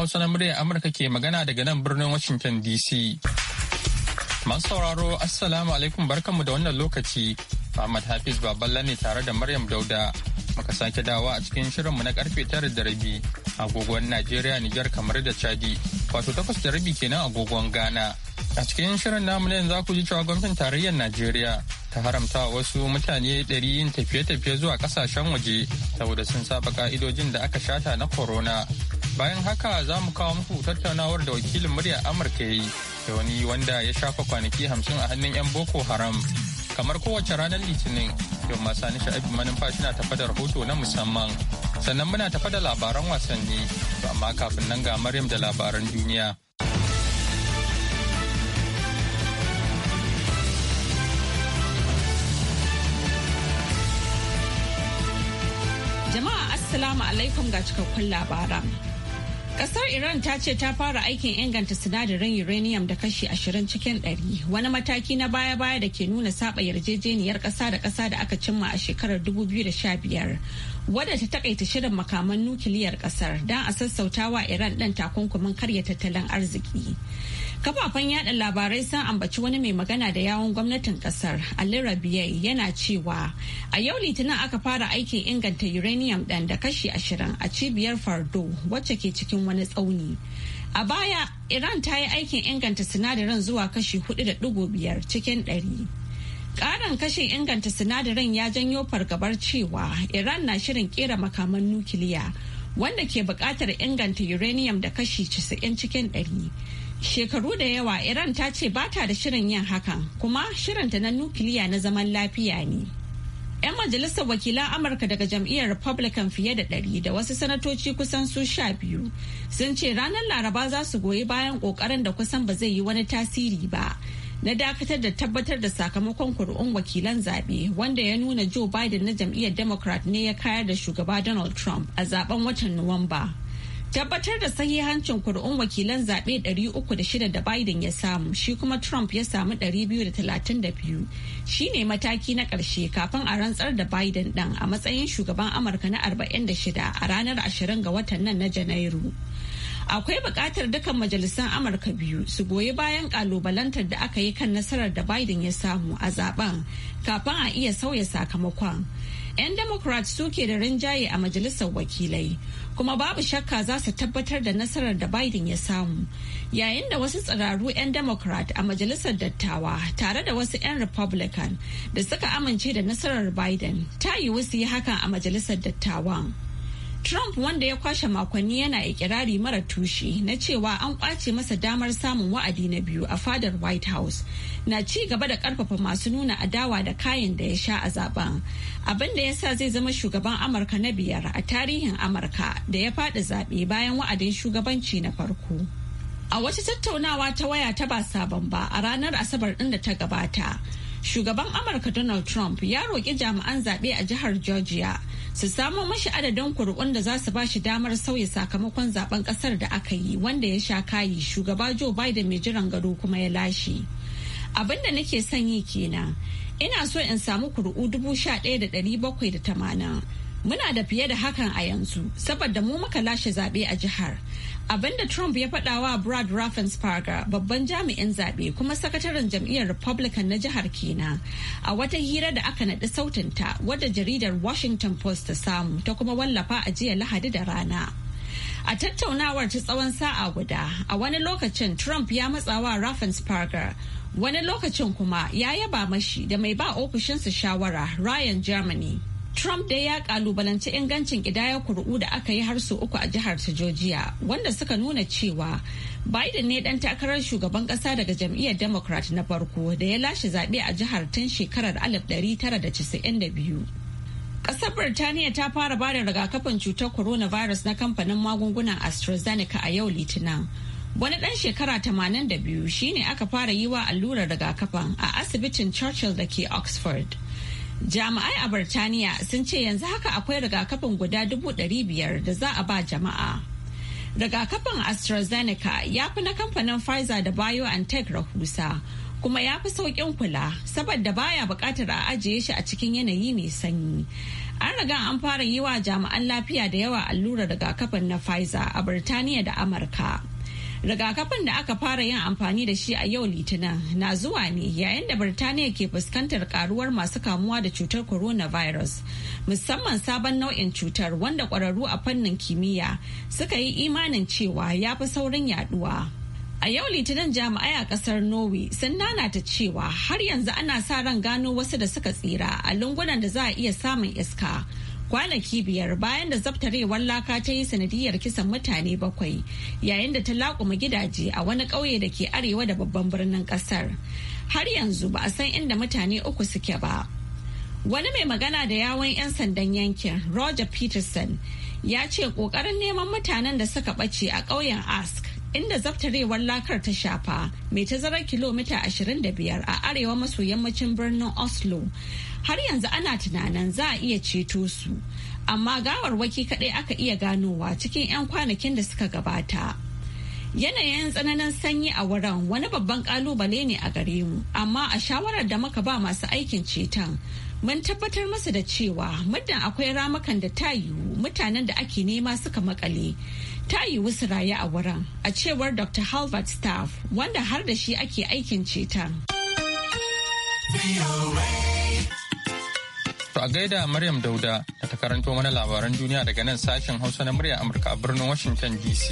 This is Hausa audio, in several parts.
Hausa na muryar Amurka ke magana daga nan birnin Washington DC. Masu sauraro Assalamu alaikum barkanmu da wannan lokaci. Ahmad Hafiz Baballa ne tare da Maryam Dauda. Muka sake dawa a cikin shirinmu na karfe tara da rabi agogon Najeriya Nijar kamar da Chadi wato takwas da rabi kenan agogon Ghana. A cikin shirin namu na yanzu ku ji cewa gwamnatin tarayyar Najeriya ta haramta wasu mutane ɗari yin tafiye-tafiye zuwa ƙasashen waje saboda sun saba ka'idojin da aka shata na corona Bayan haka za mu kawo muku tattaunawar da wakilin murya Amurka ya yi da wani wanda ya shafa kwanaki hamsin a hannun 'yan Boko Haram. Kamar kowace ranar Litinin, yau masu nisha abin manufashi na tafa da rahoto na musamman. Sannan muna tafa da labaran wasanni, to amma kafin nan ga Maryam da labaran duniya. Jama'a Assalamu alaikum ga cikakkun labaran. Kasar Iran ta ce ta fara aikin inganta sinadarin uranium da kashi ashirin cikin 100 wani mataki na baya-baya da ke nuna saba yarjejeniyar ƙasa da ƙasa da aka cimma a shekarar 2015 wadda ta takaita shirin makaman nukiliyar kasar don a sassauta wa iran ɗin takunkumin karya tattalin arziki kafafen yada labarai sun ambaci wani mai magana da yawon gwamnatin kasar ali rabiyai yana cewa a yau litinin aka fara aikin inganta uranium ɗan da kashi ashirin a cibiyar fardo wacce ke cikin wani tsauni a baya iran ta yi aikin inganta sinadarin zuwa kashi 4.5 cikin ɗari. Ƙarin kashin inganta sinadarin ya janyo fargabar cewa Iran na shirin kera makaman nukiliya wanda ke buƙatar inganta uranium da kashi 90 cikin 100. Shekaru da yawa Iran ta ce ba ta da shirin yin hakan kuma shirinta na nukiliya na zaman lafiya ne. 'Yan majalisar wakilan Amurka daga jam'iyyar Republican fiye da ɗari da wasu sanatoci kusan su sha biyu sun ce ranar Laraba za su goyi bayan ƙoƙarin da kusan ba zai yi wani tasiri ba na dakatar da tabbatar da sakamakon kuri'un wakilan zaɓe wanda ya nuna joe biden na jam'iyyar democrat ne ya kayar da shugaba donald trump a zaben watan nuwamba tabbatar da sahihancin kuri'un wakilan zaɓe 306 da biden ya samu shi kuma trump ya samu 232 shi ne mataki na ƙarshe kafin a rantsar da biden ɗan a matsayin shugaban amurka na 46 a ranar 20 ga watan nan na janairu. akwai buƙatar dukkan majalisan amurka biyu su goyi bayan ƙalubalantar da aka yi kan nasarar da biden ya samu a zaben kafin a iya sauya sakamakon 'yan democrat suke da rinjaye a majalisar wakilai kuma babu shakka za su tabbatar da nasarar da biden ya samu yayin da wasu tsiraru 'yan democrat a majalisar dattawa tare da wasu 'yan republican da suka amince da nasarar biden ta yiwu su yi hakan a majalisar dattawan. Trump wanda ya kwashe makonni yana ikirari mara tushe na cewa an kwace masa damar samun wa'adi na biyu a fadar White House na ci gaba da karfafa masu nuna adawa da kayan da ya sha a zaben abin da ya sa zai zama shugaban Amurka na biyar a tarihin Amurka da ya faɗi zaɓe bayan wa'adin shugabanci na farko. A wata tattaunawa ta waya ta ba sabon ba a ranar Asabar ɗin da ta gabata, shugaban Amurka Donald Trump ya roƙi jami'an zaɓe a jihar Georgia su samo mashi adadin kuri'un da za su ba shi damar sauya sakamakon zaben kasar da aka yi wanda ya sha kayi shugaba joe biden mai jiran gado kuma ya lashe abinda nake son yi kenan ina so in samu kuri'u dubu sha ɗaya da ɗari bakwai da tamanin muna da fiye da hakan a yanzu saboda mu muka lashe zaɓe a jihar abinda Trump ya faɗa wa Brad Raffensperger babban jami'in zaɓe kuma sakataren jam'iyyar Republican na jihar kina a wata hira da aka naɗi sautinta wadda jaridar Washington Post ta samu ta kuma wallafa a jiya Lahadi da rana. A tattaunawar ta tsawon sa'a guda a wani lokacin Trump ya matsawa Raffensperger wani lokacin kuma ya yaba mashi da mai ba ofishinsa shawara Ryan Germany. Trump dai ya kalubalanci ingancin ƙidayar kuri'u da aka yi har su uku a jihar ta Georgia wanda suka nuna cewa Biden ne dan takarar shugaban ƙasa daga jam'iyyar Democrat na farko da ya lashe zaɓe a jihar tun shekarar 1992. Ƙasar Birtaniya ta fara ba da rigakafin cutar coronavirus na kamfanin magungunan AstraZeneca a yau Litinin. Wani ɗan shekara 82 shine aka fara yi wa allurar rigakafin a asibitin Churchill da ke Oxford. Jami'ai a Birtaniya sun ce yanzu haka akwai rigakafin guda dubu ɗari biyar da za a ba jama'a. Rigakafin AstraZeneca ya fi na kamfanin Pfizer da BioNTech rahusa kuma ya fi sauƙin kula saboda baya buƙatar a ajiye shi a cikin yanayi mai sanyi. An riga an fara yi wa jami'an lafiya da yawa allurar rigakafin na Pfizer a Birtaniya da Amurka. rigakafin da aka fara yin amfani da shi a yau litinin na zuwa ne yayin da birtaniya ke fuskantar karuwar masu kamuwa da cutar coronavirus musamman sabon nau'in cutar wanda kwararru a fannin kimiyya suka yi imanin cewa ya fi saurin yaduwa. A yau litinin jami'ai a kasar Norway sun nanata cewa har yanzu ana sa ran gano wasu da suka tsira a lungunan da za a iya samun iska kwanaki biyar bayan da zabtarewar laka ta yi sanadiyar kisan mutane bakwai yayin da ta laƙuma gidaje a wani ƙauye da ke arewa da babban birnin ƙasar har yanzu ba a san inda mutane uku suke ba wani mai magana da yawon 'yan sandan yankin roger peterson ya ce ƙoƙarin neman mutanen da suka ɓace a ƙauyen ask inda zaftarewar lakar ta shafa mai tazarar kilomita 25 a arewa maso yammacin birnin oslo har yanzu ana tunanin za a iya ceto su amma gawarwaki kaɗai aka iya ganowa cikin 'yan kwanakin da suka gabata yanayin tsananin sanyi a wurin wani babban kalubale ne a gare mu amma a shawarar da muka ba masu aikin ceton mun tabbatar masa da cewa muddin akwai ramukan da ta yiwu mutanen da ake nema suka makale ta yi wasu raye a wurin a cewar dr halbert staff wanda har da shi ake aikin ceta To a gaida Maryam Dauda da ta karanto mana labaran duniya daga nan sashen Hausa na murya Amurka a birnin Washington DC.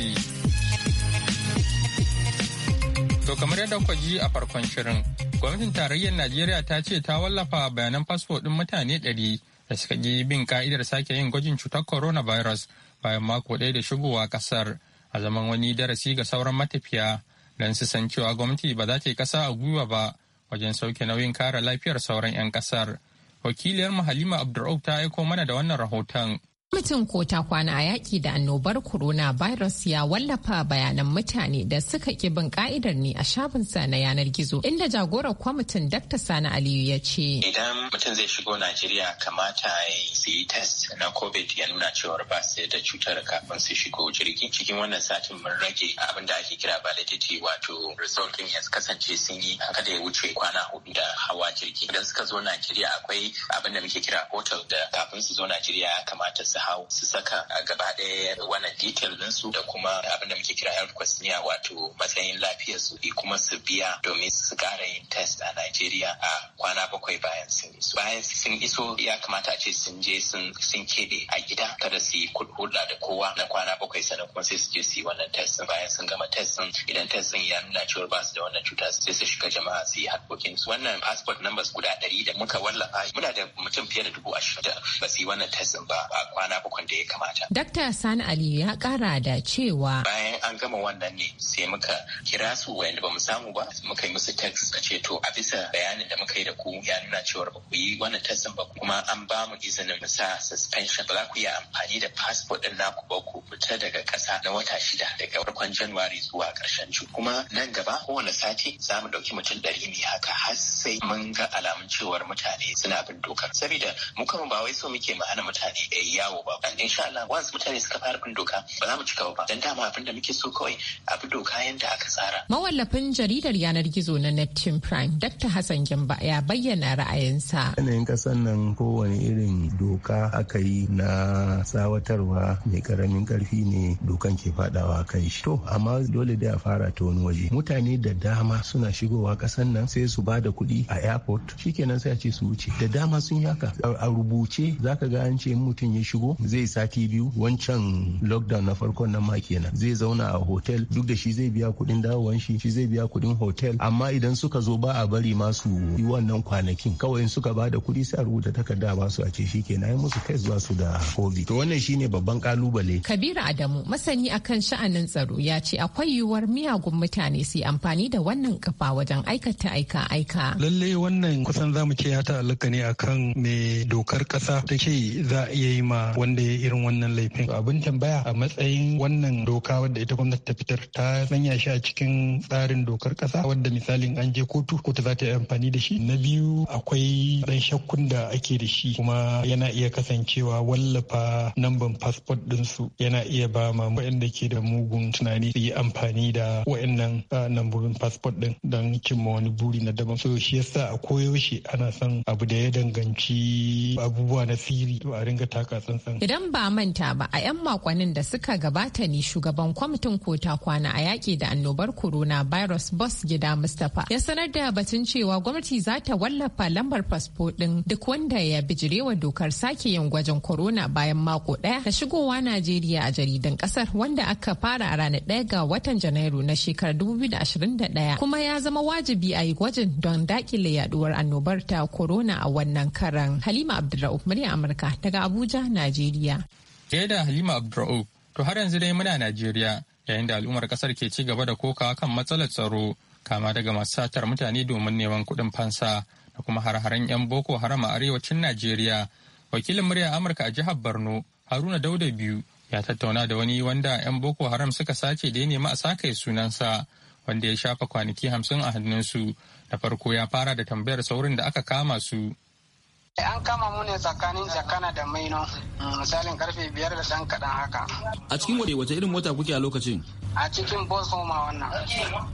To kamar yadda kwa ji a farkon shirin, gwamnatin tarayyar Najeriya ta ce ta wallafa bayanan fasfo ɗin mutane ɗari da suka ji bin ka'idar sake yin gwajin cutar coronavirus bayan mako ɗaya da shigowa ƙasar a zaman wani darasi ga sauran matafiya don su san cewa gwamnati ba za ta yi ƙasa a gwiwa ba wajen sauke nauyin kare lafiyar sauran 'yan ƙasar. Wakiliyar Halima Abdur'aub ta aiko mana da wannan rahoton. Mutum ko ta kwana a yaƙi da annobar Corona virus ya wallafa bayanan mutane da suka ƙi bin ka'idar ne a shafinsa na yanar gizo inda jagorar kwamitin Dr. Sani Aliyu ya ce. Idan mutum zai shigo Najeriya kamata ya yi test na COVID ya nuna cewar ba sai da cutar kafin su shigo jirgi. Cikin wannan satin mun rage abin da ake kira validity wato result din ya kasance sun yi kada ya wuce kwana hudu da hawa jirgi. Idan suka zo Najeriya akwai abin da muke kira hotel da kafin su zo Najeriya ya kamata su hau su saka a gaba ɗaya wannan detail su da kuma abin da muke kira health questionnaire wato matsayin lafiyar su kuma su biya domin su ƙara yin test a Najeriya a kwana bakwai bayan sun iso. Bayan sun iso ya kamata a ce sun je sun keɓe a gida kada su yi da kowa na kwana bakwai sannan kuma sai su je su yi wannan test bayan sun gama test idan test ya nuna cewa ba su da wannan cuta sai su shiga jama'a su yi harkokin su wannan passport numbers guda ɗari da muka wallafa muna da mutum fiye da dubu ashirin da ba su yi wannan test ba a kwana kwana bakwai da ya kamata. Dakta Sani Aliyu ya kara da cewa. Bayan an gama wannan ne sai muka kira su wayanda ba mu samu ba muka yi musu text a ce to a bisa bayanin da muka yi da ku ya nuna cewar ba ku yi wannan testin ba kuma an ba mu izinin mu sa suspension ba za ku iya amfani da passport din naku ba ku fita daga ƙasa na wata shida daga farkon janwari zuwa ƙarshen Jun. Kuma nan gaba kowane sati za mu ɗauki mutum ɗari ne haka har sai mun ga alamun cewar mutane suna bin dokar. Sabida mu kama ba wai so muke ma'ana mutane mutane yawo kawo ba insha Allah mutane suka fara bin doka ba za mu ci cika ba dan dama abin da muke so kawai a bi doka yanda aka tsara mawallafin jaridar yanar gizo na Neptune Prime Dr. Hassan Gimba ya bayyana ra'ayinsa yanayin kasan nan kowane irin doka aka yi na sawatarwa mai karamin karfi ne dokan ke fadawa kan shi to amma dole dai a fara ta wani waje mutane da dama suna shigowa kasan nan sai su ba da kuɗi a airport shikenan sai a ce su wuce da dama sun yaka a rubuce zaka ga an ce mutum ya shigo sabo zai sati biyu wancan lockdown na farkon nan ma kenan zai zauna a hotel duk da shi zai biya kuɗin dawowan shi shi zai biya kuɗin hotel amma idan suka zo ba a bari masu yi wannan kwanakin kawai in suka bada kuɗi sai a rubuta takarda ba su a ce shi kenan ai musu kai zuwa su da covid to wannan shine babban kalubale kabiru adamu masani akan sha'anin tsaro ya ce akwai yiwuwar miyagun mutane su amfani da wannan kafa wajen aikata aika aika lallai wannan kusan zamu ce ya ta'allaka ne akan me dokar kasa take za a iya yi ma wanda ya irin wannan laifin abin tambaya a matsayin wannan doka wadda ita gwamnati ta fitar ta sanya shi a cikin tsarin dokar kasa wadda misalin an je kotu kotu za ta yi amfani da shi na biyu akwai dan shakkun da ake da shi kuma yana iya kasancewa wallafa namban passport dinsu yana iya ba ma waɗanda ke da mugun tunani su yi amfani da waɗannan nambobin ah, passport din don cimma wani buri na daban so shi yasa a koyaushe ana son abu da ya danganci abubuwa na sirri to a ringa taka tsantsan Idan ba manta ba a 'yan makonnin da suka gabata ne shugaban kwamitin kota kwana a yaƙi da annobar corona virus boss gida Mustapha ya sanar da batun cewa gwamnati za ta wallafa lambar fasfo ɗin duk wanda ya bijirewa dokar sake yin gwajin corona bayan mako ɗaya da shigowa Najeriya a jaridan ƙasar wanda aka fara a ranar ɗaya ga watan Janairu na shekarar ɗaya, kuma ya zama wajibi a yi gwajin don dakile yaɗuwar annobar ta corona a wannan karan. Halima Abdulrahman murya Amurka daga Abuja, Najeriya. Najeriya. da Halima Abdur'u, to har yanzu dai muna Najeriya yayin da al'ummar kasar ke ci gaba da kokawa kan matsalar tsaro kama daga masu satar mutane domin neman kuɗin fansa da kuma har-haren 'yan Boko Haram a arewacin Najeriya. Wakilin murya Amurka a jihar Borno, Haruna Dauda biyu ya tattauna da wani wanda 'yan Boko Haram suka sace da ya nemi a saka sunansa wanda ya shafa kwanaki hamsin a hannunsu. Da farko ya fara da tambayar saurin da aka kama su. Eh, an kama mu ne tsakanin jakana da maino mm, misalin karfe biyar da ɗan kaɗan haka. A cikin wace wace irin mota kuke a lokacin? A cikin bus homa wannan.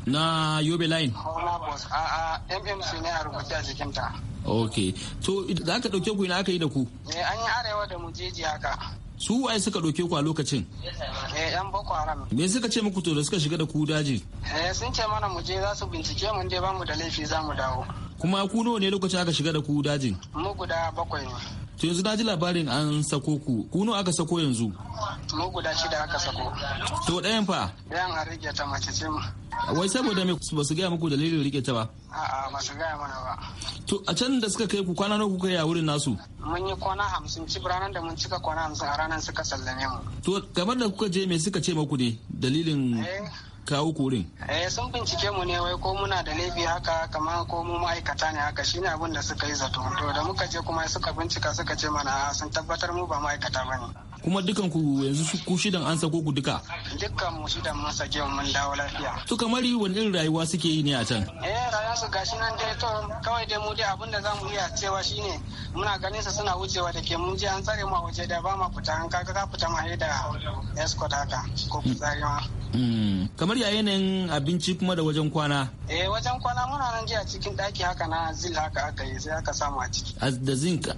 Na Yobe line? Homa bus a a MMC ne a rubuce a jikinta. Ok, to za ka ɗauke ku ina aka yi da ku? Eh an yi arewa da mu jeji haka. su waye suka ɗauke ku a lokacin? Eh yan boko haram. Me suka ce muku to da suka shiga da ku daji? Eh sun ce mana mu je za su bincike mu je ba mu da laifi za mu dawo. kuma ku nawa ne lokacin aka shiga da ku dajin mu guda bakwai ne to yanzu na ji labarin an sako ku ku nawa aka sako yanzu mu guda shida aka sako to ɗayan fa ɗayan a rike ta mace ce wai saboda me ba su gaya muku dalilin rike ta ba a'a ba su gaya mana ba to a can da suka kai ku kwana nawa kuka yi a wurin nasu mun yi kwana hamsin ci ranar da mun cika kwana hamsin a ranar suka sallame mu to kamar da kuka je me suka ce muku ne dalilin eh, kawo kurin? Eh sun bincike mu ne wai ko muna da laifi haka kama ko mu ma'aikata ne haka shine abin da suka yi zato. To da muka je kuma suka bincika suka ce mana sun tabbatar mu ba ma'aikata ba ne. kuma dukan ku yanzu ku shidan an sako ku duka dukkan mu shidan mun sake mun dawo lafiya to yi wani irin rayuwa suke yi ne a can eh rayuwa su gashi nan dai to kawai dai mu dai abin da zamu iya cewa shine muna ganin su suna wucewa da ke mun je an tsare mu a waje da ba ma fita an kaga ka fita ma da escort haka ko mm. fitsari ma mm. kamar ya yanayin abinci kuma da wajen kwana eh wajen kwana muna nan je a cikin daki haka na zil haka aka yi sai aka samu a ciki da zinka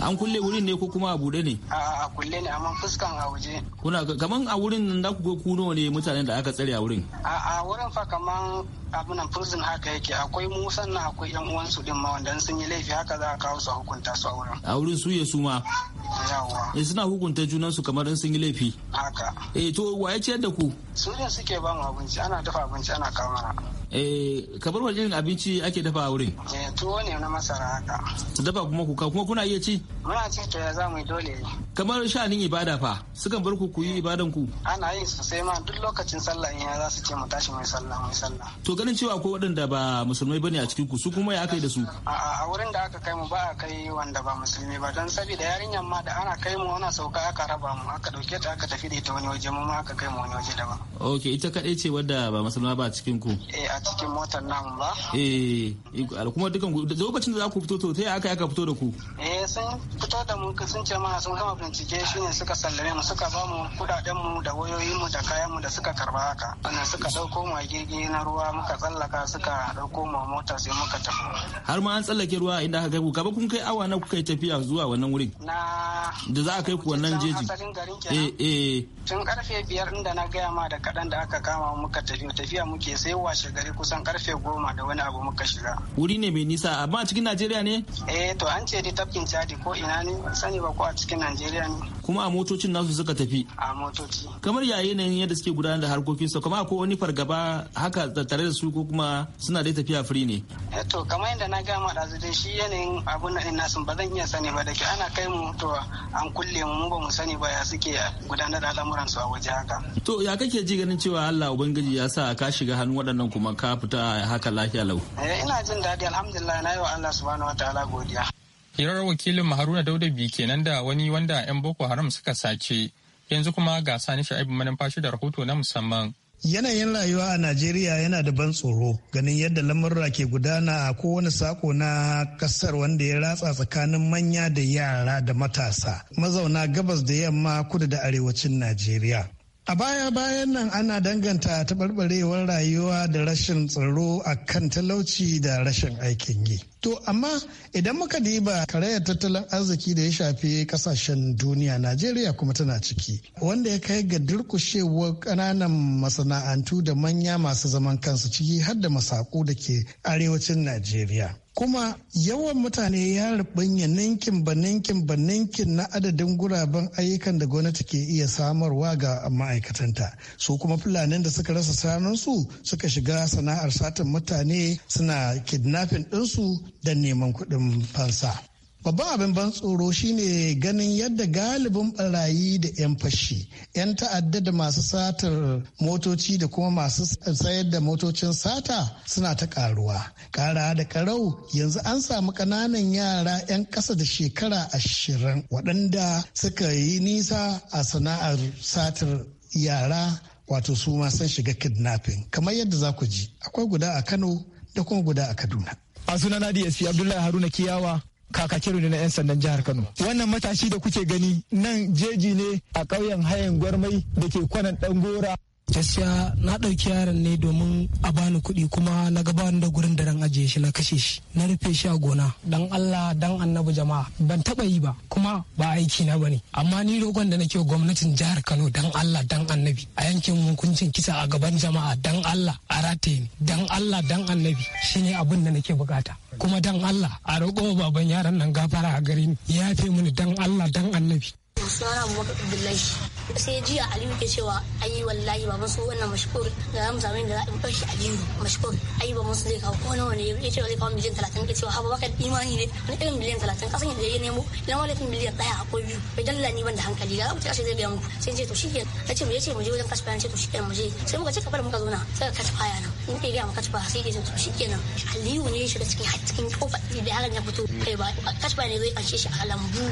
an kulle wurin ne ko kuma a bude ne a kulle ne amma fuskan a waje kuna kaman a wurin nan da ku ku nawa ne mutanen da aka tsare a wurin a wurin fa kaman abunan prison haka yake akwai mu sannan akwai yan uwansu din ma wanda sun yi laifi haka za a kawo su a hukunta su a wurin a wurin su ya su ma yawa eh, suna hukunta junan su kamar sun yi laifi haka eh to waye ciyar da ku su ne suke ba mu abinci ana dafa abinci ana kawo mana eh kamar wajen abinci ake dafa a wurin eh tuwo ne na masara haka dafa kuma ku kuma kuna iya ci muna ci to ya zamu dole kamar sha'anin ibada fa sukan bar ku ku yi ibadan ku ana su sosai ma duk lokacin sallah in ya za su ce mu tashi mai sallah mai sallah to ganin cewa akwai waɗanda ba musulmai bane a cikin ku su kuma ya aka yi da su a wurin da aka kai mu ba a kai wanda ba musulmi ba don saboda yarinyar ma da ana kai mu ana sauka aka raba mu aka dauke ta aka tafi da ita wani waje mu ma aka kai mu wani waje daban okay ita kadai ce wadda ba musulma ba a cikin ku eh a cikin motar nan ba eh kuma dukan ku lokacin da za ku fito to ta aka aka fito da ku eh sun fito da mu sun ce mana sun gama bincike shine suka sallame mu suka ba mu kudaden mu da wayoyin mu da kayan mu da suka karba haka wannan suka dauko mu a na ruwa muka tsallaka suka ɗauko ma mota sai muka tafi har ma an tsallake ruwa inda aka kai ku kaba kun kai awa na kuka yi tafiya zuwa wannan wurin na da za a kai ku wannan jeji asalin garin eh eh tun karfe biyar inda na gaya ma da kaɗan da aka kama muka tafi tafiya muke sai washe gari kusan karfe goma da wani abu muka shiga wuri ne mai nisa amma cikin najeriya ne eh to an ce dai tafkin chadi ko ina ne sani ba ko a cikin najeriya ne kuma a motocin nasu suka tafi a motoci kamar yayin yanayin yadda suke gudanar da harkokin su kuma akwai wani fargaba haka tattare da su ko kuma suna dai tafiya firi ne eh, to kamar yadda na gama da dai shi yanayin abun nan nasu ba zan iya sani ba da ke ana kai mu to an kulle mu ba mu sani ba ya suke gudanar da al'amuran su a waje haka to ya kake ji ganin cewa Allah ubangiji ya sa ka shiga hannun waɗannan kuma ka fita haka lafiya lau eh, ina jin daɗi alhamdulillah na yi wa Allah subhanahu wataala godiya hirar wakilin Haruna Dauda bi kenan da wani wanda 'yan Boko Haram suka sace yanzu kuma ga sani sha'ibu manumfashi da rahoto na musamman Yanayin rayuwa a Najeriya yana da ban tsoro ganin yadda lamurra ke gudana a kowane sako na kasar wanda ya ratsa tsakanin manya da yara da matasa mazauna gabas da yamma kudu da arewacin Najeriya. A baya-bayan nan ana danganta taɓarɓarewar rayuwa da rashin tsaro a kan talauci da rashin aikin yi. To, amma idan muka diba karayar tattalin arziki da ya shafi kasashen duniya, Najeriya kuma tana ciki, wanda ya kai ga durkushewar ƙananan masana'antu da manya masu zaman kansu ciki har da masaku da ke arewacin Najeriya. kuma yawan mutane ya rubanya ninkin ba ninkin ba ninkin na adadin guraben ayyukan da gwamnati ke iya samarwa ga ma'aikatanta su kuma fulanin da suka rasa sanansu suka shiga sana'ar satin mutane suna kidnapping ɗinsu don neman kuɗin fansa babban abin ban tsoro shine ganin yadda galibin barayi da 'yan fashi 'yan ta'adda da masu satar motoci da kuma masu sayar da motocin sata suna ta karuwa kara da karau yanzu an samu kananan yara 'yan kasa da shekara ashirin waɗanda suka yi nisa a sana'ar satar yara wato su ma shiga kidnapping kamar yadda za ku ji akwai guda a kano da kuma guda a kaduna a sunana dsp abdullahi haruna kiyawa kakakin na 'yan sandan jihar Kano. Wannan matashi da kuke gani nan jeji ne a ƙauyen hayan gwarmai da ke kwanan ɗan gora gaskiya na ɗauki yaron ne domin a bani kuɗi kuma na gabanin da gurin da ran ajiye shi na kashe shi na rufe shi a gona dan Allah dan annabi jama'a ban taɓa yi ba kuma ba aiki na bane amma ni dogon da nake gwamnatin jihar Kano dan Allah dan annabi a yankin hukuncin kisa a gaban jama'a dan Allah a rataye ni dan Allah dan annabi shine abin da nake bukata kuma dan Allah a roƙo baban yaron nan gafara a gare ni ya fi mini dan Allah dan annabi mu maka abdullahi sai jiya aliyu ke cewa ayi wallahi ba musu wannan mashkur da za mu sami da a fashi aliyu mashkur ayi ba musu zai kawo ko nawa ne ya ce zai kawo miliyan talatin ke cewa haba baka imani ne wani irin miliyan talatin kasan yadda ya nemo idan wani miliyan daya ko biyu bai dalla ni ban da hankali ga mu ta ashe zai biya mu sai ce to shi ke na ce mu ya ce mu je wajen kashi bayan ce to shi ke mu je sai muka ce kafar muka na sai ka kashi baya na in ke gaya maka ci ba sai ke ce to shi ke kenan aliyu ne ya shiga cikin cikin kofa da yaron ya fito kai ba kashi baya ne zai kashe shi a lambu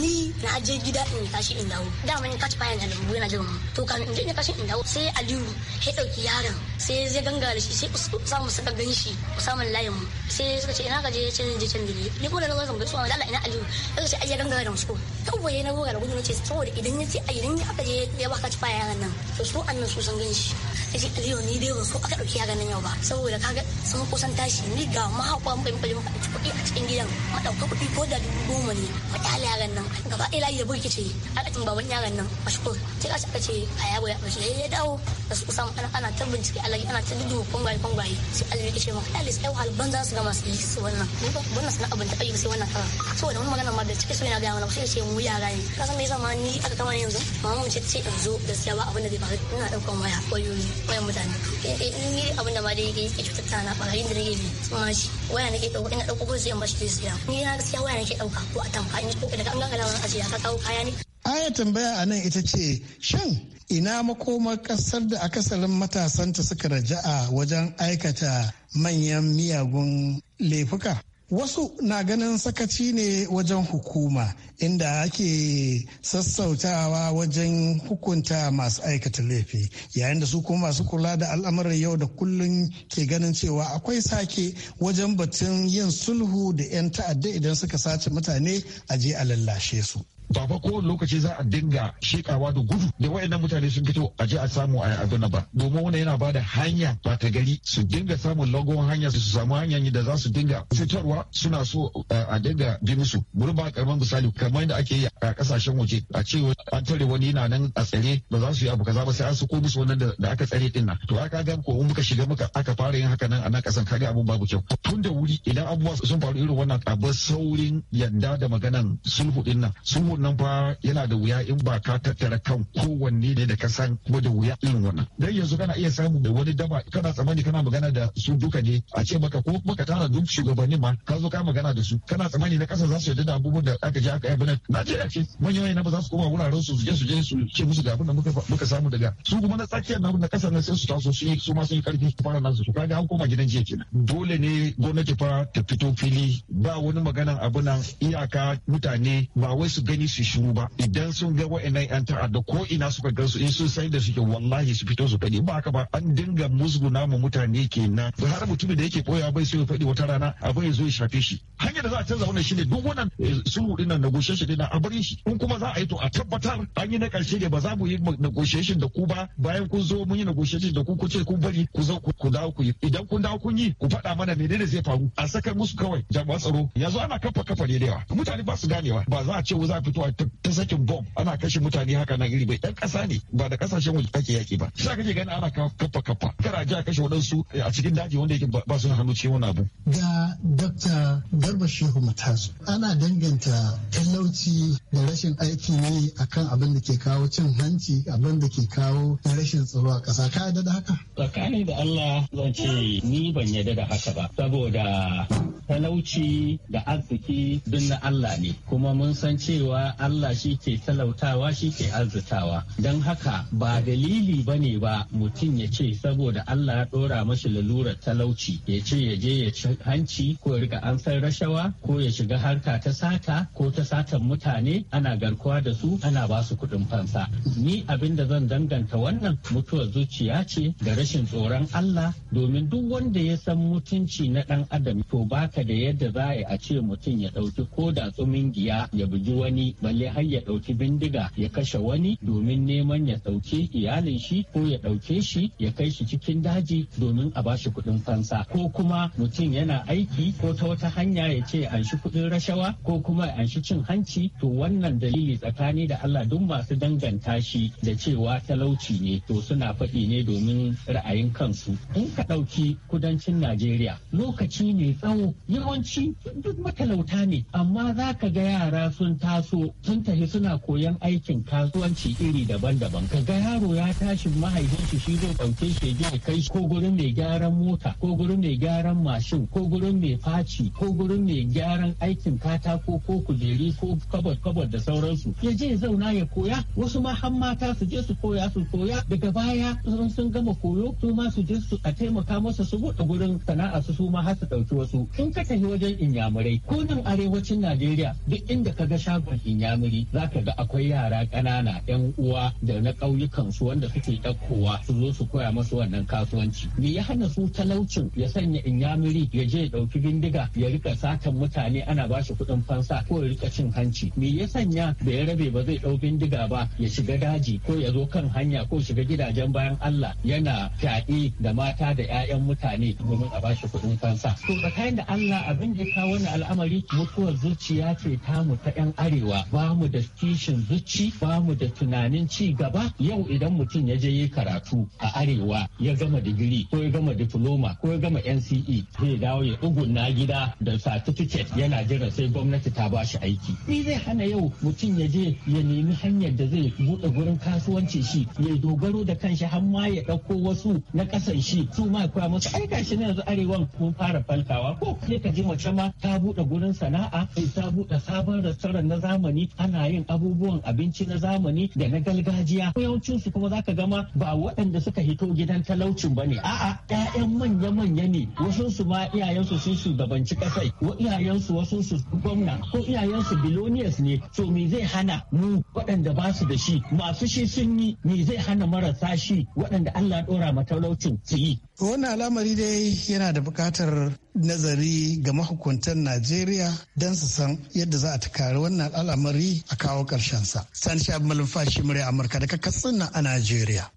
ni na je gida in tashi in dawo da mun kaci bayan da mu yana jiran to kan in je in tashi in dawo sai Aliyu ya dauki yaron sai zai ganga da shi sai Usama suka gan shi Usama layin mu sai suka ce ina ka je can je can ne ni ko da na zo ga Usama Allah ina Aliyu ya sai aje ganga da su kawai yana goga da gudu nace saboda idan yace a idan aka je ya baka kaci bayan yaran nan to su annan su san gan shi sai Aliyu ni dai ba so aka dauki yaran nan yau ba saboda kaga sun kusan tashi ni ga mahakwa mun bayyana kuɗi a cikin gidan madauka kuɗi ko da dubu goma ne a yaron nan gaba ɗaya layi da burkice ce a ɗakin baban yaran nan mashkur sai aka shaka ce a yabo ya ɓace ya dawo da su kusa ana ana ta bincike alaji ana ta dudu kwangwaye kwangwaye sai alaji ya ce ma alis ai hal banza su gama su yi su wannan wannan sana'a ban ta ayyuka sai wannan karan saboda wani magana ma da cike su yana ga mana sai ya ce mu yara ne ka san me yasa ma ni aka kama yanzu mama mu ce ce in zo gaskiya ba abin da zai faru ina ɗaukan waya wayoyi wayan mutane in eh, eh, ni abin da ma da yake yake cutar ta na barayin da nake bi kuma shi waya nake ɗauka ina dauko ko zai bashi zai siya ni na gaskiya waya nake ɗauka ko a tamfa in ko daga an ga alawan ajiya ka kawo kaya aya tambaya a nan ita ce shin ina makomar kasar da akasarin matasanta suka raja'a wajen aikata manyan miyagun laifuka wasu na ganin sakaci ne wajen hukuma inda ake sassautawa wajen hukunta masu aikata laifi yayin da su kuma masu kula da al'amuran yau da kullun ke ganin cewa akwai sake wajen batun yin sulhu da 'yan ta'adda idan suka sace mutane a je a lallashe su ba fa kowane lokaci za a dinga shekawa da gudu da wayannan mutane sun fito a je a samu a abin ba domin wannan yana bada hanya ba ta gari su dinga samun logon hanya su samu hanyar da za su dinga fitarwa suna so eh, a dinga bi musu bari ba karamin misali kamar da ake yi a kasashen waje a ce an tare wani yana nan a tsare ba za su yi abu kaza ba sai an sako musu wannan da aka tsare din nan to aka ga ko muka shiga muka aka fara yin haka nan a nan kasan kaga abun babu kyau tun da wuri idan abubuwa sun faru irin wannan abu saurin yadda da maganan sulhu din nan sulhu wannan fa yana da wuya in ba ka tattara kan kowanne ne da ka san kuma da wuya irin wannan dan yanzu kana iya samu da wani daba kana tsammani kana magana da su duka ne a ce maka ko maka tara duk shugabanni ma ka zo ka magana da su kana tsammani na kasa za su yadda da abubuwan da aka je aka yi bana na ce ce manyan na ba za su koma wuraren su suje je su je su ce musu da abin da muka samu daga su kuma na tsakiyar na kasa na sai su taso su su ma sun yi karfi su fara nasu su kaga an koma gidan jiya kenan dole ne gwamnati fa ta fito fili ba wani magana abu iyaka mutane ba wai su gani gani su shiru ba idan sun ga wa'annan yan ta'adda ko ina suka gansu in sun sai da suke wallahi su fito su faɗi ba haka ba an dinga musguna mu mutane kenan da har mutumin da yake koya bai sai ya faɗi wata rana abin ya zo ya shafe shi hanyar da za a canza wannan shine duk wannan eh, sulhu din nan negotiation din a bari shi in kuma za a yi to a tabbatar an yi na karshe da ba za mu yi negotiation da ku ba bayan kun zo mun yi negotiation da ku ku ce ku bari ku zo ku dawo ku yi idan kun dawo kun yi ku faɗa mana menene zai faru a saka musu kawai jama'a tsaro yanzu ana kafa kafa ne da yawa mutane ba su ganewa ba za a ce za a fitowa ta sakin bom ana kashe mutane haka na iri bai ɗan ƙasa ne ba da ƙasashen waje ake yaki ba shi kake gani ana kafa kafa kara ji a kashe waɗansu a cikin daji wanda yake ba su hannu ce wani abu. da dr garba shehu matazu ana danganta talauci da rashin aiki ne akan abin da ke kawo cin hanci abin da ke kawo rashin tsaro a ƙasa ka da haka. tsakani da allah zan ce ni ban yarda da haka ba saboda talauci da arziki duk na allah ne kuma mun san cewa Allah shi ke talautawa shi ke arzitawa don haka ba dalili ba ne ba mutum ya ce saboda Allah ya ɗora mashi lalurar talauci ya ce ya je ya ci hanci ko ya an ansar rashawa ko ya shiga harka ta sata ko ta satan mutane ana garkuwa da su ana ba su kuɗin fansa ni abin da zan danganta wannan mutuwar zuciya ce da rashin tsoron Allah domin duk wanda ya san mutunci na ɗan adam to baka da yadda za a ce mutum ya ɗauki ko da tsumin giya ya bugi wani yi har ya ɗauki bindiga ya kashe wani domin neman ya ɗauke iyalin shi ko ya ɗauke shi ya kai shi cikin daji domin a ba shi kuɗin fansa ko kuma mutum yana aiki ko ta wata hanya ya ce an shi kuɗin rashawa ko kuma an shi cin hanci to wannan dalili tsakani da Allah duk masu danganta shi da cewa talauci ne to suna faɗi ne domin ra'ayin kansu in ka ɗauki kudancin Najeriya lokaci ne tsawo yawanci duk matalauta ne amma za ka ga yara sun taso yaro sun tafi suna koyan aikin kasuwanci iri daban-daban kaga yaro ya tashi mahaifin shi shi zai ɗauke shi ya kai ko gurin mai gyaran mota ko gurin mai gyaran mashin ko gurin mai faci ko gurin mai gyaran aikin katako ko kujeru ko kabad kabad da sauransu ya je zauna ya koya wasu ma har mata su je su koya su koya daga baya sun gama koyo su ma su je su a taimaka masa su buɗe gurin sana'a su su ma har su ɗauki wasu in ka tafi wajen inyamurai ko nan arewacin Najeriya duk inda ka ga shagon za ka ga akwai yara ƙanana yan uwa da na ƙauyukan su wanda suke ɗaukowa su zo su koya masu wannan kasuwanci me ya hana su talaucin ya sanya inyamuri ya je ya ɗauki bindiga ya rika satan mutane ana ba shi kuɗin fansa ko ya rika cin hanci me ya sanya da ya rabe ba zai ɗau bindiga ba ya shiga daji ko ya zo kan hanya ko shiga gidajen bayan Allah yana fyaɗe da mata da ƴaƴan mutane domin a ba shi kuɗin fansa to tsakanin da Allah abin da ya kawo wani al'amari mutuwar zuciya ce tamu ta 'yan arewa ba mu da kishin zuci ba mu da tunanin ci gaba yau idan mutum ya je yi karatu a arewa ya gama digiri ko ya gama diploma ko ya gama NCE zai dawo ya na gida da certificate yana jira sai gwamnati ta ba shi aiki ni zai hana yau mutum ya je ya nemi hanyar da zai buɗe gurin kasuwanci shi ya dogaro da kanshi har ma ya ɗauko wasu na ƙasan shi su ma kwa musu ai gashi na yanzu arewan mun fara falkawa ko ne ka ji mace ma ta buɗe gurin sana'a sai ta buɗe sabon restaurant na zamani zamani ana yin abubuwan abinci na zamani da na gargajiya yawancin su kuma zaka gama ba waɗanda suka hito gidan talaucin ne a'a ƴaƴan manya-manya ne wasu su ma iyayensu sun shugabanci kasai wa iyayensu wasu su gwamna ko iyayensu billionaires ne to me zai hana mu waɗanda ba su da shi masu shi sun yi me zai hana marasa shi waɗanda Allah ɗora talaucin su yi Wannan al'amari dai yana da buƙatar nazari ga mahukuntan Najeriya don su san yadda za a tukari wannan al'amari a kawo ƙarshensa. Sani Shabi Malumfashi murya Amurka daga Katsina a Najeriya.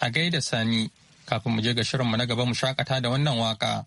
A gaida Sani, kafin mu je ga shirinmu na gaba mu shakata da wannan waka.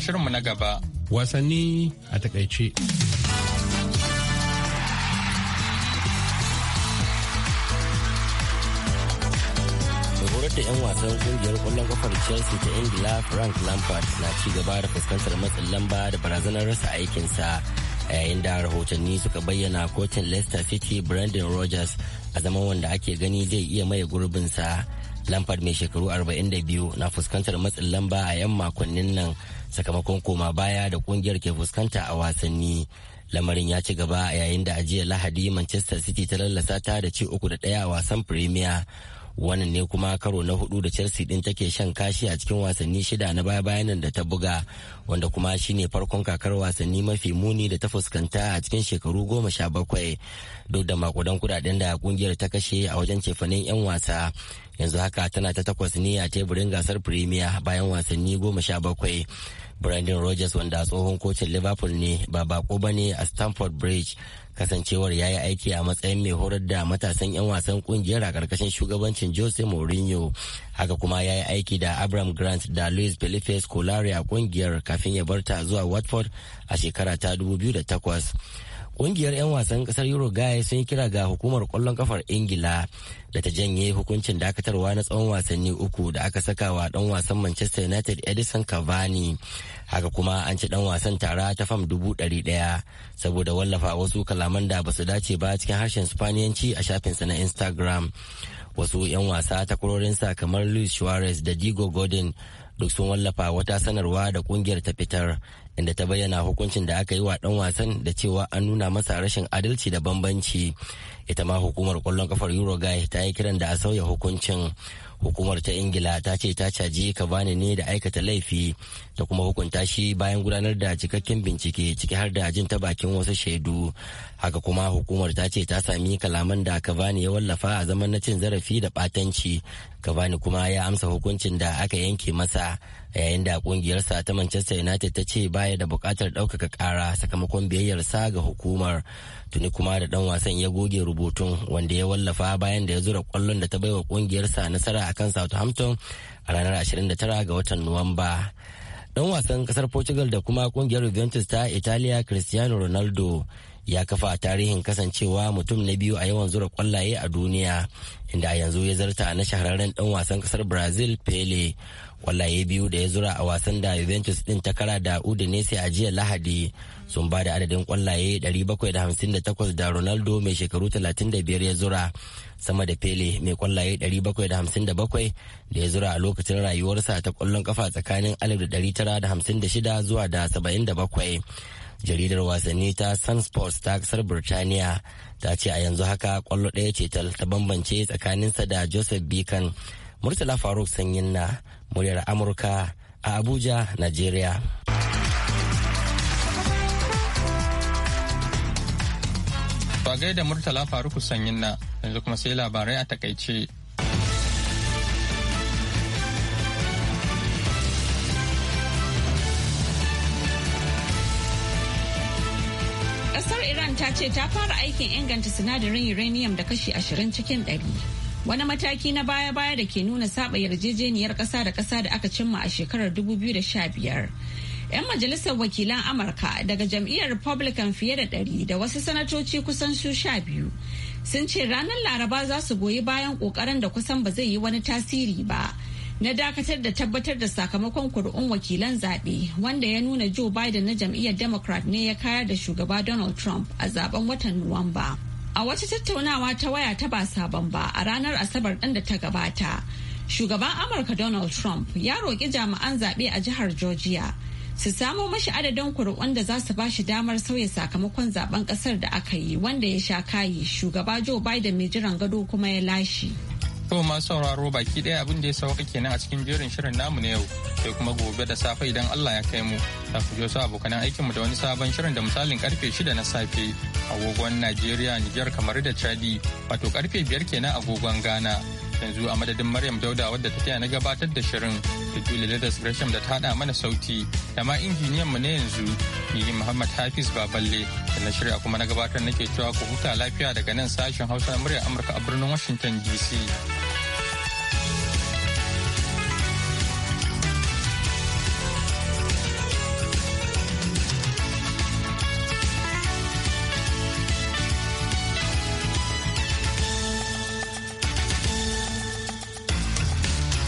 shirinmu na gaba. Wasanni a takaice. da 'yan wasan kungiyar kwallon kafar chelsea ta ingila frank lampard na ci gaba da fuskantar matsin lamba da barazanar rasa aikinsa yayin da rahotanni suka bayyana kotun leicester city brandon rogers a zaman wanda ake gani zai iya maye gurbinsa lampard mai shekaru 42 na fuskantar matsin lamba a 'yan makonnin nan sakamakon koma baya da kungiyar ke fuskanta a wasanni lamarin ya ci gaba yayin da a lahadi manchester city ta lallasa ta da ci uku da ɗaya a wasan premier wannan ne kuma karo na hudu da chelsea din take shan kashi a cikin wasanni shida na baya bayanan da ta buga wanda kuma shine farkon kakar wasanni mafi muni da ta fuskanta a cikin shekaru goma sha bakwai duk da makudan kudaden da kungiyar ta kashe a wajen cefanen 'yan wasa yanzu haka tana ta takwas ne a teburin gasar premier bayan wasanni goma sha bakwai brandon rogers wanda tsohon kocin liverpool ne ba bako ba ne a stamford bridge kasancewar ya yi aiki a matsayin mai horar da matasan 'yan wasan kungiyar a karkashin shugabancin jose mourinho haka kuma ya yi aiki da abraham grant da luis felipe scolari a kungiyar kafin ya barta zuwa watford a shekara ta 2008 Ƙungiyar 'yan wasan ƙasar Uruguay sun kira ga hukumar kwallon kafar Ingila da ta janye hukuncin dakatarwa na tsawon wasanni uku da aka saka wa ɗan wasan Manchester United Edison Cavani. Haka kuma an ci ɗan wasan tara ta fam dubu ɗari ɗaya saboda wallafa wasu kalaman da basu dace ba cikin harshen Spaniyanci a shafinsa na Instagram. Wasu 'yan wasa takwarorinsa kamar Luis Suarez da Diego Gordon duk sun wallafa wata sanarwa da kungiyar ta fitar inda ta bayyana hukuncin da aka yi wa dan wasan da cewa an nuna masa rashin adalci da bambanci ita ma hukumar kwallon kafar uruguay ta yi kiran da a sauya hukuncin hukumar ta ingila ta ce ta caji kabani ne da aikata laifi ta kuma hukunta shi bayan gudanar da cikakken bincike ciki har da jin ta bakin wasu shaidu haka kuma hukumar ta ce ta sami kalaman da kabani ya wallafa a zaman na cin zarafi da batanci Cavani kuma ya amsa hukuncin da aka yanke masa yayin da kungiyarsa ta Manchester United ta ce baya da bukatar ɗaukaka ƙara sakamakon biyayyarsa ga hukumar. Tuni kuma da ɗan wasan ya goge rubutun wanda ya wallafa bayan da ya zura ƙwallon da ta baiwa kungiyarsa nasara a akan Southampton a ranar 29 ga watan Nuwamba. Ɗan wasan ƙasar Portugal da kuma ƙungiyar Juventus ta Italiya Cristiano Ronaldo ya kafa tarihin kasancewa mutum na biyu a yawan zura kwallaye a duniya inda a yanzu ya zarta na shahararren dan wasan kasar brazil pele kwallaye biyu da ya zura a wasan da juventus din ta kara da udinese a jiya lahadi sun ba da adadin kwallaye 758 da ronaldo mai shekaru 35 ya zura sama da pele mai kwallaye 757 da ya zura a lokacin rayuwarsa ta kwallon kafa tsakanin 1956 zuwa da 77 jaridar wasanni ta sun sports ta kasar birtaniya ta ce a yanzu haka kwallo ɗaya ce ta bambance tsakaninsa da joseph bikan murtala faruk sanyin na muryar amurka a abuja nigeria Bagai da Murtala faruk Sanyin na yanzu kuma sai labarai a takaice. ce ta fara aikin inganta sinadarin uranium da kashi ashirin cikin 100. Wani mataki na baya-baya da ke nuna saba yarjejeniyar ƙasa da ƙasa da aka cimma a shekarar 2015. 'Yan majalisar wakilan Amurka daga jam'iyyar Republican fiye da ɗari da wasu sanatoci kusan su sha biyu sun ce ranar Laraba za su goyi bayan ƙoƙarin da kusan ba zai yi wani tasiri ba na dakatar da tabbatar da sakamakon kuri'un wakilan zaɓe wanda ya nuna joe biden na jam'iyyar democrat ne ya kayar da shugaba donald trump a zaben watan nuwamba a wata tattaunawa ta waya ta ba sabon ba a ranar asabar ɗin da ta gabata shugaban amurka donald trump ya roƙi jami'an zaɓe a jihar georgia su samo mashi adadin kuri'un da za su ba shi damar sauya sakamakon zaben ƙasar da aka yi wanda ya sha kayi shugaba joe biden mai jiran gado kuma ya lashe To masu sauraro baki ɗaya abin da ya sauka kenan a cikin jerin shirin namu na yau sai kuma gobe da safe idan Allah ya kai mu za ku abokan aikin aikinmu da wani sabon shirin da misalin karfe shida na safe agogon Najeriya niger kamar da Chadi wato karfe biyar kenan agogon Ghana yanzu a madadin Maryam Dauda wadda ta taya na gabatar da shirin da Julie Ladas Gresham da ta haɗa mana sauti da ma injiniyan mu na yanzu ni Muhammad Hafiz Baballe da na shirya kuma na gabatar nake cewa ku huta lafiya daga nan sashen Hausa na muryar Amurka a birnin Washington DC.